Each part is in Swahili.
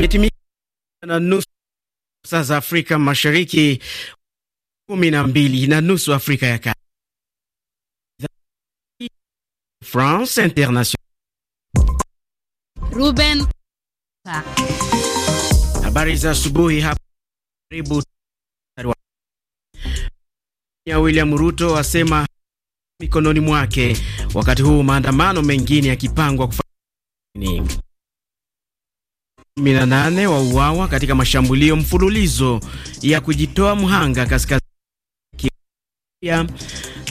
Imetimia na nusu saa za Afrika Mashariki, kumi na mbili na nusu Afrika ya Kati. France International. Ruben, habari za asubuhi hapa. Karibu William Ruto asema mikononi mwake, wakati huu maandamano mengine yakipangwa nini? 18 wauawa katika mashambulio mfululizo ya kujitoa mhanga kaskazini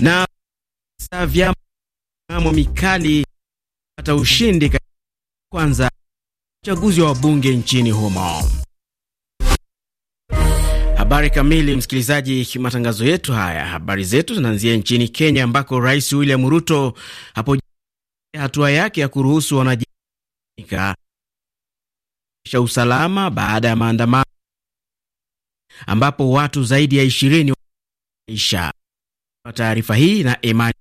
na vyama mikali pata ushindi kwanza uchaguzi wa wabunge nchini humo. Habari kamili, msikilizaji. Matangazo yetu haya, habari zetu zinaanzia nchini Kenya ambako Rais William Ruto hapo hatua yake ya kuruhusu wanajeshi cha usalama baada ya maandamano ambapo watu zaidi ya ishirini waisha. Taarifa hii na Imani.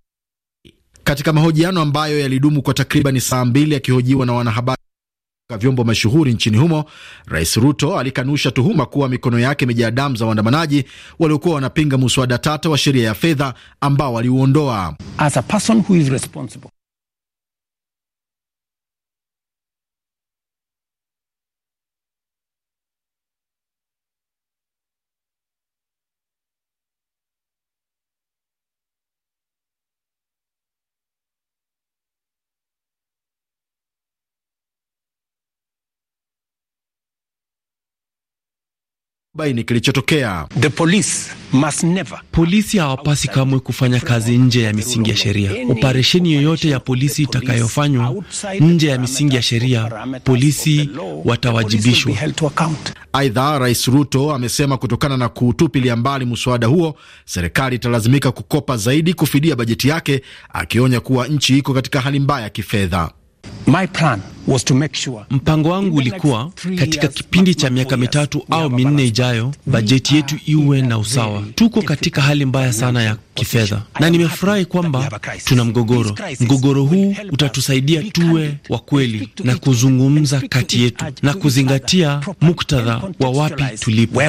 Katika mahojiano ambayo yalidumu kwa takribani saa mbili akihojiwa na wanahabari vyombo mashuhuri nchini humo, Rais Ruto alikanusha tuhuma kuwa mikono yake imejaa damu za waandamanaji waliokuwa wanapinga muswada tata wa sheria ya fedha ambao waliuondoa. kubaini kilichotokea. Polisi hawapasi kamwe kufanya kazi nje ya misingi ya sheria. Operesheni yoyote ya polisi itakayofanywa nje ya misingi ya sheria, polisi watawajibishwa. Aidha, Rais Ruto amesema kutokana na kuutupilia mbali mswada huo, serikali italazimika kukopa zaidi kufidia bajeti yake, akionya kuwa nchi iko katika hali mbaya ya kifedha. My plan was to make sure, mpango wangu ulikuwa katika kipindi cha miaka mitatu au minne ijayo bajeti yetu iwe na usawa. Tuko katika hali mbaya sana ya kifedha, na nimefurahi kwamba tuna mgogoro. Mgogoro huu utatusaidia tuwe wa kweli na kuzungumza kati yetu na kuzingatia muktadha wa wapi tulipo.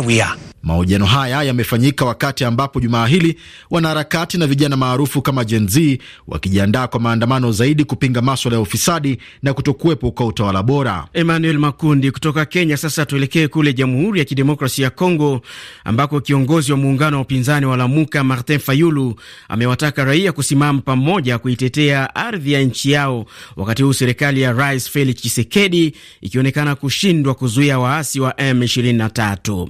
Mahojiano haya yamefanyika wakati ambapo jumaa hili wanaharakati na vijana maarufu kama Gen Z wakijiandaa kwa maandamano zaidi kupinga maswala ya ufisadi na kutokuwepo kwa utawala bora. Emmanuel Makundi kutoka Kenya. Sasa tuelekee kule Jamhuri ya Kidemokrasia ya Kongo ambako kiongozi wa muungano wa upinzani wa Lamuka Martin Fayulu amewataka raia kusimama pamoja kuitetea ardhi ya nchi yao, wakati huu serikali ya Rais Felix Tshisekedi ikionekana kushindwa kuzuia waasi wa M23.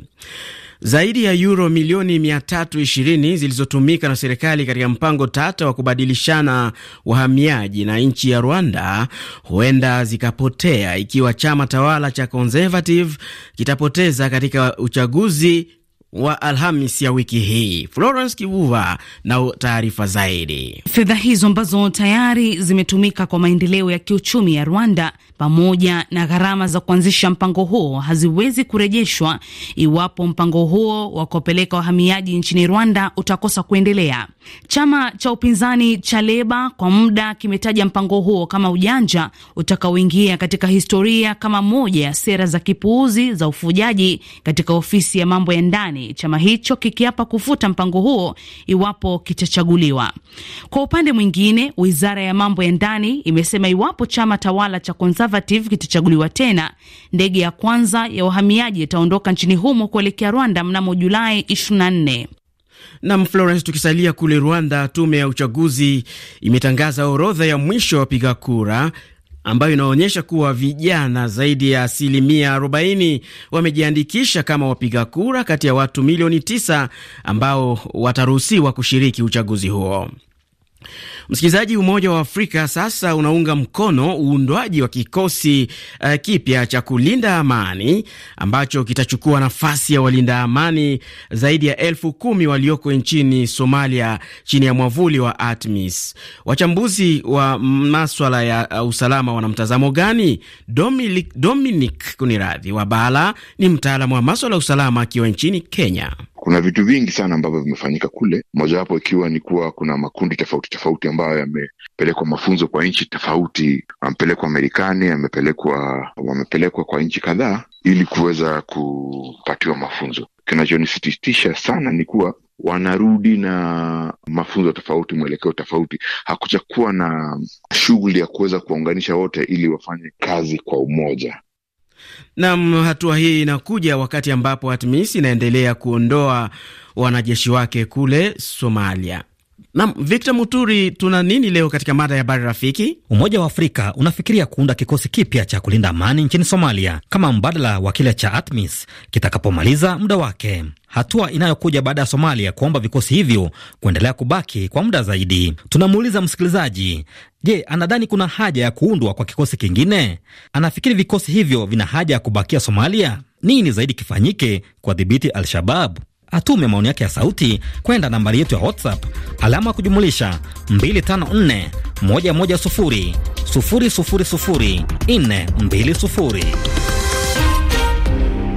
Zaidi ya yuro milioni 320 zilizotumika na serikali katika mpango tata wa kubadilishana wahamiaji na nchi ya Rwanda huenda zikapotea ikiwa chama tawala cha Conservative kitapoteza katika uchaguzi wa Alhamis ya wiki hii. Florence Kivuva na taarifa zaidi. Fedha hizo ambazo tayari zimetumika kwa maendeleo ya kiuchumi ya Rwanda pamoja na gharama za kuanzisha mpango huo haziwezi kurejeshwa iwapo mpango huo wa kuwapeleka wahamiaji nchini Rwanda utakosa kuendelea. Chama cha upinzani cha Leba kwa muda kimetaja mpango huo kama ujanja utakaoingia katika historia kama moja ya sera za kipuuzi za ufujaji katika ofisi ya mambo ya ndani, chama hicho kikiapa kufuta mpango huo iwapo kitachaguliwa. Kwa upande mwingine, wizara ya mambo ya ndani imesema iwapo chama tawala cha Conservative kitachaguliwa tena, ndege ya kwanza ya wahamiaji itaondoka nchini humo kuelekea Rwanda mnamo Julai 24. Nam Florence, tukisalia kule Rwanda, tume ya uchaguzi imetangaza orodha ya mwisho ya wapiga kura ambayo inaonyesha kuwa vijana zaidi ya asilimia 40 wamejiandikisha kama wapiga kura kati ya watu milioni 9 ambao wataruhusiwa kushiriki uchaguzi huo. Msikilizaji, Umoja wa Afrika sasa unaunga mkono uundwaji wa kikosi uh, kipya cha kulinda amani ambacho kitachukua nafasi ya walinda amani zaidi ya elfu kumi walioko nchini Somalia chini ya mwavuli wa ATMIS. Wachambuzi wa maswala ya uh, usalama wana mtazamo gani? Dominic Kuniradhi wa Bala ni mtaalamu wa maswala ya usalama akiwa nchini Kenya kuna vitu vingi sana ambavyo vimefanyika kule, mojawapo ikiwa ni kuwa kuna makundi tofauti tofauti ambayo yamepelekwa mafunzo kwa nchi tofauti, amepelekwa Marekani, yamepelekwa wamepelekwa kwa nchi kadhaa ili kuweza kupatiwa mafunzo. Kinachonisititisha sana ni kuwa wanarudi na mafunzo tofauti, mwelekeo tofauti. Hakuchakuwa na shughuli ya kuweza kuwaunganisha wote ili wafanye kazi kwa umoja. Nam, hatua hii inakuja wakati ambapo Atmis inaendelea kuondoa wanajeshi wake kule Somalia. Nam Victor Muturi, tuna nini leo katika mada ya habari rafiki? Umoja wa Afrika unafikiria kuunda kikosi kipya cha kulinda amani nchini Somalia kama mbadala wa kile cha ATMIS kitakapomaliza muda wake hatua inayokuja baada ya Somalia kuomba vikosi hivyo kuendelea kubaki kwa muda zaidi. Tunamuuliza msikilizaji, je, anadhani kuna haja ya kuundwa kwa kikosi kingine? Anafikiri vikosi hivyo vina haja ya kubakia Somalia? Nini zaidi kifanyike kuwadhibiti al shabab Atume maoni yake ya sauti kwenda nambari yetu ya WhatsApp alama kujumulisha 254 110 000 420.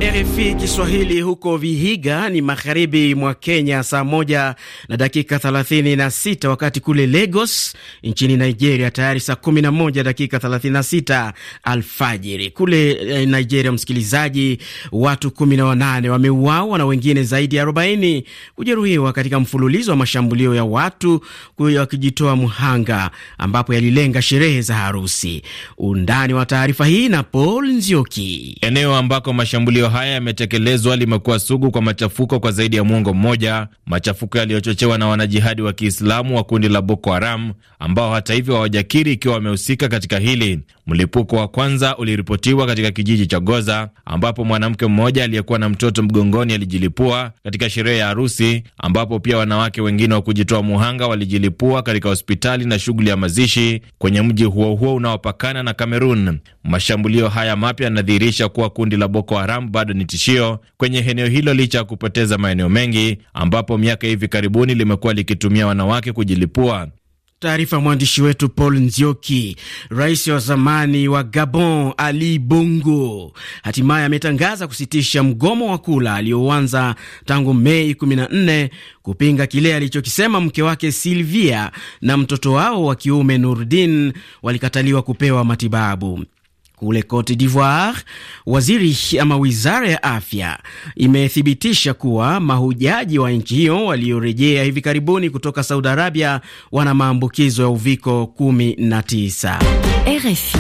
RFI Kiswahili huko Vihiga ni magharibi mwa Kenya, saa moja na dakika 36, wakati kule Lagos nchini Nigeria tayari saa 11 dakika 36 alfajiri. Kule eh, Nigeria, msikilizaji, watu 18 wameuawa na wengine zaidi ya 40 kujeruhiwa katika mfululizo wa mashambulio ya watu wakijitoa mhanga, ambapo yalilenga sherehe za harusi. Undani wa taarifa hii na Paul Nzioki. Eneo ambako mashambulio haya yametekelezwa limekuwa sugu kwa machafuko kwa zaidi ya mwongo mmoja, machafuko yaliyochochewa na wanajihadi wa Kiislamu wa kundi la Boko Haram ambao hata hivyo hawajakiri ikiwa wamehusika katika hili. Mlipuko wa kwanza uliripotiwa katika kijiji cha Goza ambapo mwanamke mmoja aliyekuwa na mtoto mgongoni alijilipua katika sherehe ya harusi, ambapo pia wanawake wengine wa kujitoa muhanga walijilipua katika hospitali na shughuli ya mazishi kwenye mji huo huo unaopakana na Kamerun. Mashambulio haya mapya yanadhihirisha kuwa kundi la Boko Haram bado ni tishio kwenye eneo hilo licha ya kupoteza maeneo mengi, ambapo miaka hivi karibuni limekuwa likitumia wanawake kujilipua. Taarifa ya mwandishi wetu Paul Nzioki. Rais wa zamani wa Gabon Ali Bongo hatimaye ametangaza kusitisha mgomo wa kula aliyoanza tangu Mei 14 kupinga kile alichokisema mke wake Silvia na mtoto wao wa kiume Nurdin walikataliwa kupewa matibabu. Kule Cote d'Ivoire, waziri ama wizara ya afya imethibitisha kuwa mahujaji wa nchi hiyo waliorejea hivi karibuni kutoka Saudi Arabia wana maambukizo ya uviko 19. RFI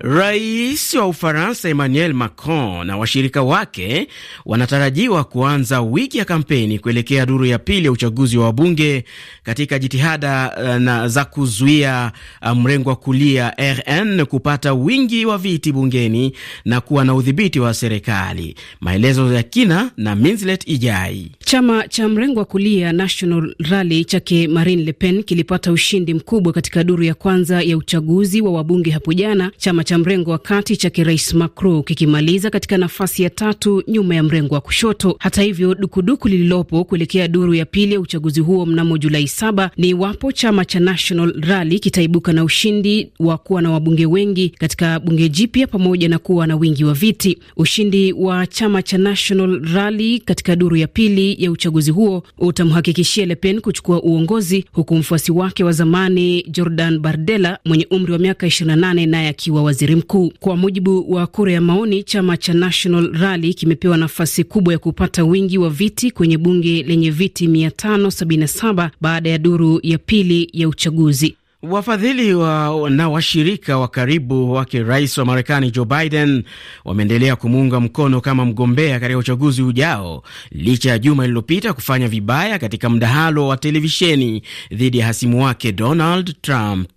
Rais wa Ufaransa Emmanuel Macron na washirika wake wanatarajiwa kuanza wiki ya kampeni kuelekea duru ya pili ya uchaguzi wa wabunge katika jitihada eh, na za kuzuia eh, mrengo wa kulia RN kupata wingi wa viti bungeni na kuwa na udhibiti wa serikali. Maelezo ya kina na Minslet Ijai. Chama cha mrengo wa kulia National Rally chake Marine Le Pen kilipata ushindi mkubwa katika duru ya kwanza ya uchaguzi wa wabunge hapo jana. Chama cha mrengo wa kati cha kirais Macron kikimaliza katika nafasi ya tatu nyuma ya mrengo wa kushoto. Hata hivyo, dukuduku lililopo kuelekea duru ya pili ya uchaguzi huo mnamo Julai saba ni iwapo chama cha National Rally kitaibuka na ushindi wa kuwa na wabunge wengi katika bunge jipya pamoja na kuwa na wingi wa viti. Ushindi wa chama cha National Rally katika duru ya pili ya uchaguzi huo utamhakikishia Le Pen kuchukua uongozi, huku mfuasi wake wa zamani Jordan Bardella mwenye umri wa miaka 28 naye akiwa waziri mkuu. Kwa mujibu wa kura ya maoni, chama cha National Rally kimepewa nafasi kubwa ya kupata wingi wa viti kwenye bunge lenye viti 577 baada ya duru ya pili ya uchaguzi. Wafadhili wa, na washirika wa karibu wake rais wa Marekani Joe Biden wameendelea kumuunga mkono kama mgombea katika uchaguzi ujao licha ya juma lililopita kufanya vibaya katika mdahalo wa televisheni dhidi ya hasimu wake Donald Trump.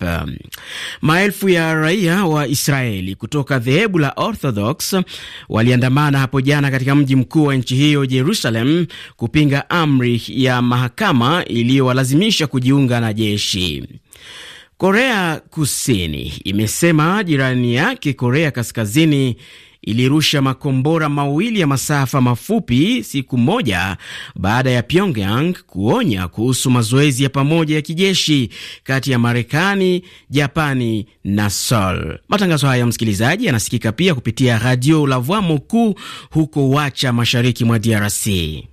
Maelfu ya raia wa Israeli kutoka dhehebu la Orthodox waliandamana hapo jana katika mji mkuu wa nchi hiyo Jerusalem, kupinga amri ya mahakama iliyowalazimisha kujiunga na jeshi. Korea Kusini imesema jirani yake Korea Kaskazini ilirusha makombora mawili ya masafa mafupi siku moja baada ya Pyongyang kuonya kuhusu mazoezi ya pamoja ya kijeshi kati ya Marekani, Japani na Seoul. Matangazo haya, msikilizaji, yanasikika pia kupitia Radio La Voix Moku huko Wacha, mashariki mwa DRC.